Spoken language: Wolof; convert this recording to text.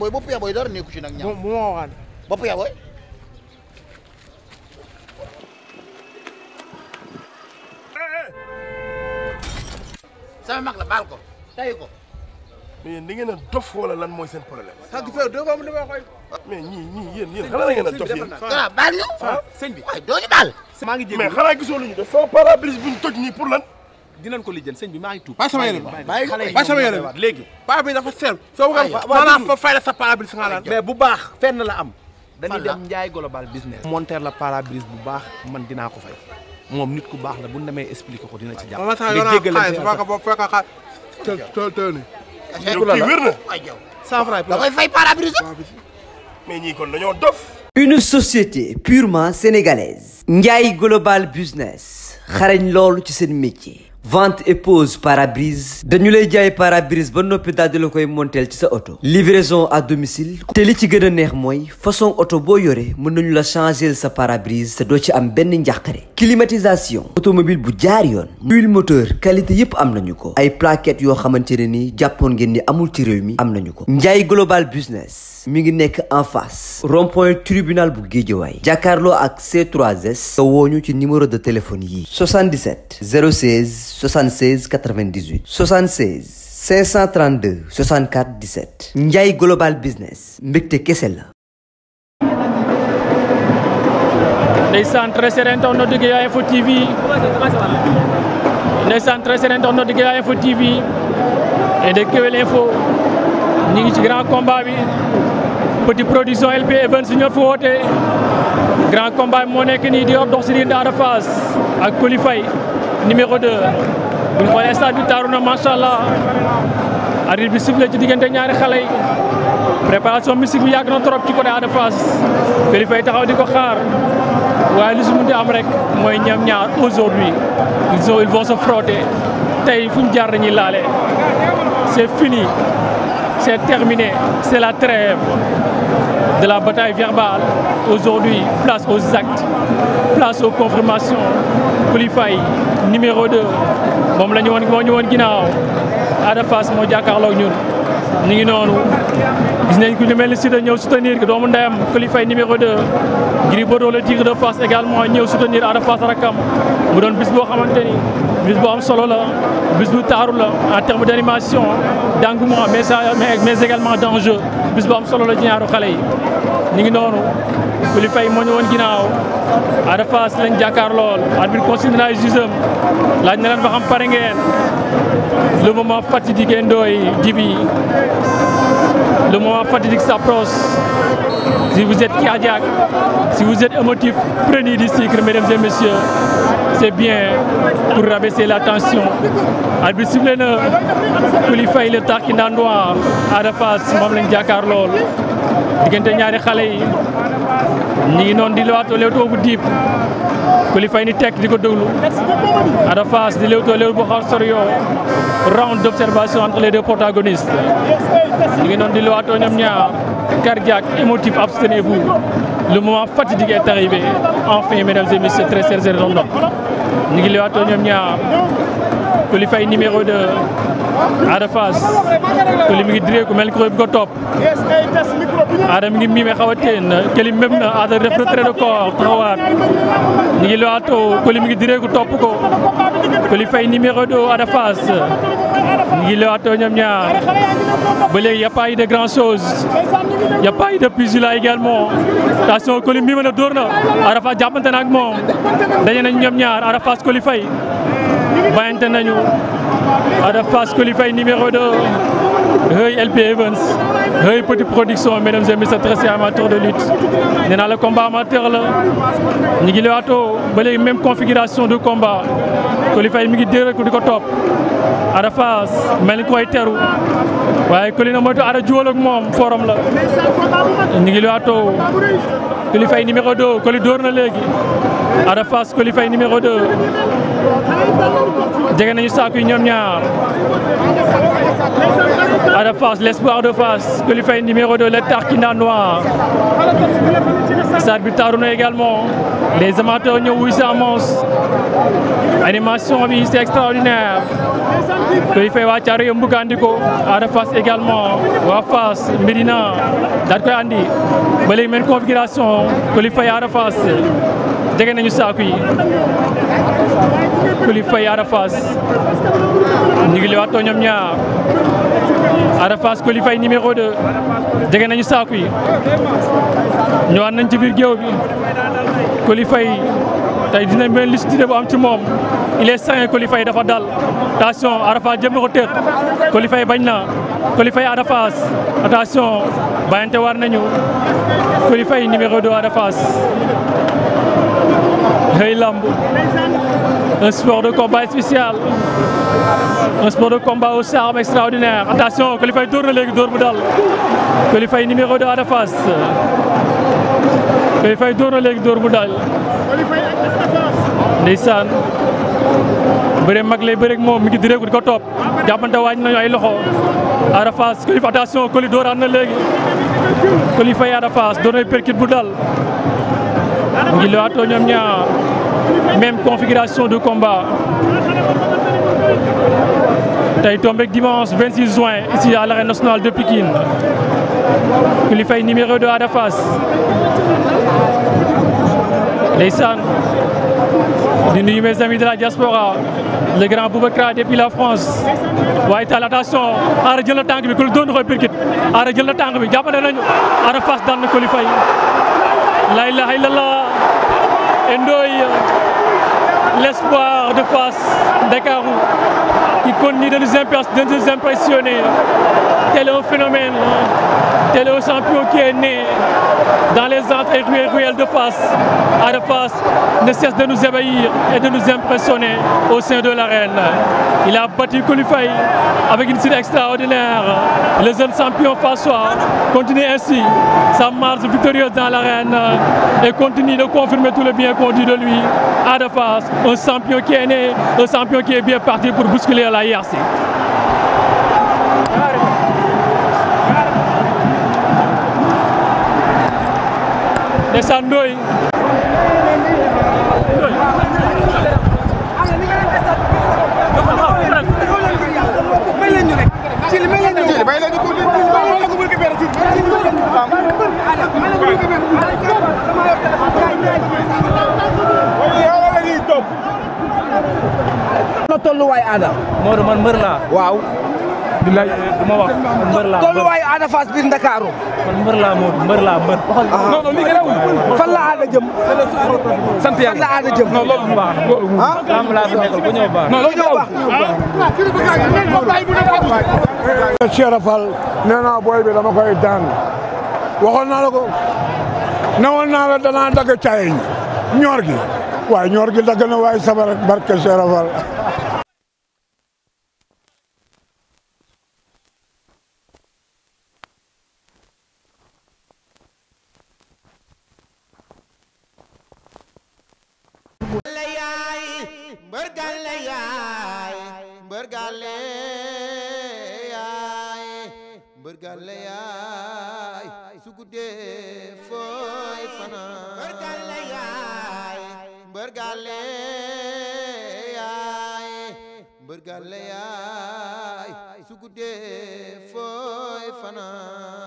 mooy bopp boy dara nekku ci nag. ñaar bu ma waxaan bopp yaa booy. sama mag la baal ko tay ko. mais yéen da ngeen a dof wala lan mooy seen problème. ah gis nga deux fois mu demee xoy. mais ñii ñii yéen yéen la ngeen a dof yéen. waaw baal ñu. Ah. sëñ bi waaw doo ñu baal. maa ngi jéem mais xanaa gisoo lu ñu def sama pare-brise toj nii pour lan. dinañ ko lijjën sëñ bi maa ngi tuub. bàyyi sama yére bi bàyyi sama yére bi léegi. paa bi dafa seer soo xam maanaam fa fay la sa pare-brise nga naan mais bu baax fenn la am. dañuy dem Ndiaye global business. monter la pare-brise bu baax man dinaa ko fay moom nit ku baax la bu ñu demee expliqué ko dina ci jàpp. nga jégalu xaalis bu baax boo fekk xaar te te te ne. kii wér na cent francs da koy fay pare-brise mais ñii kon dañoo dof. une société purement sénégalaise. Ndiaye global business xarañ loolu ci seen métier. vente et pose parabrise dañu lay jaay parabrise ba noppi daldi la koy monteel ci sa oto livraison à domicile te li ci gën a neex mooy façon oto boo yore mën nañu la changer sa parabrise se doo ci am benn njàqare climatisation automobile bu jaar yoon huile moteur qualité yépp am nañu ko ay plaquettes yoo xamante ne ni jàppoon ngeen ni amul ci réew mi am nañu ko Ndiaye global business mi ngi nekk en face rond tribunal bu Guédiawaye jàkkaarloo ak C3S ci numéro de téléphone yii 77 016 76 98 76 532 64 17 Ndiaye Global kese la info TV ndeysaan très sereen info TV ci grand combat bi petit production LP Events ñoo fi woote grand combat bi moo nekk nii di dox si diggante Fass ak Coly Faye numéro de bu ñu xoolee stade bi taaru na macha allah arbitre bi sifflé ci diggante ñaari xale yi préparation mystique bi yàgg na trop ci côté Ada Fass Kaliphone taxaw di ko xaar waaye li su mënti am rek mooy ñam ñaar aujourd'hui ils vont se frotter tey fu ñu jaar dañuy laale c'est fini. c'est terminé, c'est la trêve de la bataille verbale. Aujourd'hui, place aux actes, place aux confirmations. Koulibaly numéro 2 moom la ñu woon moo ñu woon ginnaaw Ada Fass moo jàkkaarloog ñun ñu ngi noonu gis nañ ku ñu mel ni Siteu ñëw soutenir ko doomu ndeyam Koulibaly numéro 2. Gris Bordeaux le Tigre de Fass également ñëw soutenir Ada Fass rakkam mu doon bis boo xamante ni bis bu am solo la bis bu taaru la en terme d' animation d' engouement mais ça mais également d' enjeu bis am solo la ci ñaaru xale yi. ñu ngi noonu Coly Faye moo ñu woon ginnaaw Ada Fass lañ jàkkaar lool arbitre consigne na ay jugeem laaj na leen ba xam pare ngeen le moment fatidique ndooy jibi a moment fatidique s'approche. Si vous êtes cardiaque, si vous êtes émotif, prenez du sucre, mesdames et messieurs. C'est bien pour rabaisser la tension. Albi Siblena, Koulifay le Tarkina Noir, moom Mamlen Diakar Lol. Diggante ñaari xale yi ñu ngi noonu di lewaatoo leewtoo bu diib Koulifay ni tekk di ko déglu Ada di leewtoo leew bu xaw yoo round d'observation entre les deux protagonistes ñu ngi doon di luwaatoo ñoom ñaar cardiaque émotif abstenez-vous le moment fatidique est arrivé enfin mesdames et messieurs très chers internautes ñu ngi luwaatoo ñoom ñaar Coly numéro 2 Ada Fass mi ngi diree ku mel ko ko topp Ada mi ngi miime xaw a teen Coly même na Ada def retrait de corps taxawaat ñu ngi lewaatoo Coly mi ngi direegu topp ko Coly Faye numéro 2 Ada Fass ñu ngi lewaatoo ñoom ñaar ba léegi y' a de grand chose y' a pas eu de pugilat également attention Coly mi mën a dóor na Ada Fass moom daje nañu ñoom ñaar Ada Fass Coly Faye nañu Ada Fass Coly Faye numéro 2 LP Evans Reuy Petit Production mesdames et messieurs très amateur de lutte nee naa la combat amateur la ñu ngi ba léegi même configuration de combat Coly Faye mi ngi déré ko di Ada Fass mel ni koy teru waaye Coly na moytu Ada juwal forum la ñu ngi lewaatoo Coly Faye numéro 2 Coly dóor na léegi Ada Fass Coly numéro 2 jege nañu saaku yi ñoom ñaar à la face, l'espoir de face, que lui fait numéro 2, le Tarkina Noir. Sabutaruna également, les amateurs Nyouissa Amos. Animation, c'est extraordinaire. Que lui fait Wachari Mbukandiko, à la face également, Wafas, Medina, Dadko Andi. Mais même configuration, que lui fait à la face. Dégagez nous ça, oui. Que lui Ada Fass Coly Faye numéro jege nañu saaku yi ñëwaat nañ ci biir géew bi Coly Faye tey dina benn lucidité bu am ci moom il est sain Coly Faye dafa dal attention Ada Fass jëm na ko tëkk Coly Faye bañ na Coly Faye Ada Fass war nañu Coly Faye numéro 2 Ada lamb un sport de combat spécial un sport de combat aussi arme extraordinaire attention Koulibaly dóor na léegi dóor bu dal Koulibaly numéro 2 Ada Fass Koulibaly dóor na léegi dóor bu dal ndeysaan bëre mag lay bëre moom mi ngi direeku di ko topp jàppante wàññi nañu ay loxo Ada Fass Koulibaly attention Koulibaly dóoraat na léegi Koulibaly Ada Fass na percute bu dal mu ngi lewaatoo ñoom ñaar même configuration de combat tey tombéeg dimanche juin ici à l'arène nationale de Pikine kilifay numéro 2 Ada Fass ndeysaan di nuyu mes de la diaspora le grand Boubacar depuis la France waaye taal attention Ada jël na tànk bi ku pirkit Ada jël na tànk bi jàppale nañu Ada Fass daan na kilifay la ilaha illallah endooy l'espoir de face Dakarou qui continue de nous impressionner tel un phénomène tel est le qui est né dans les antres ruelles, de face. Arafas ne cesse de nous ébahir et de nous impressionner au sein de l'arène. Il a battu Koulifay avec une suite extraordinaire. Le jeune champion Fassois continue ainsi sa marche victorieuse dans l'arène et continue de confirmer tout le bien qu'on dit de lui. Arafas, un champion qui est né, un champion qui est bien parti pour bousculer la hiérarchie. ndeysaan ndooy tolluwaay aada Modou man mbër laa waaw bilaay du ma wax. mbër laa tolluwaayu Ada Fass biir Ndakaaru. kon nee naa booy bi dama koy daan waxoon naa la ko newoon naa la danaa dagg caay ñoor gi waaye ñoor gi dagg na waaye sabar barke Cheikh barkalla yaay su guddee fooy fanaan barkalla yaay barkalla yaay barkalla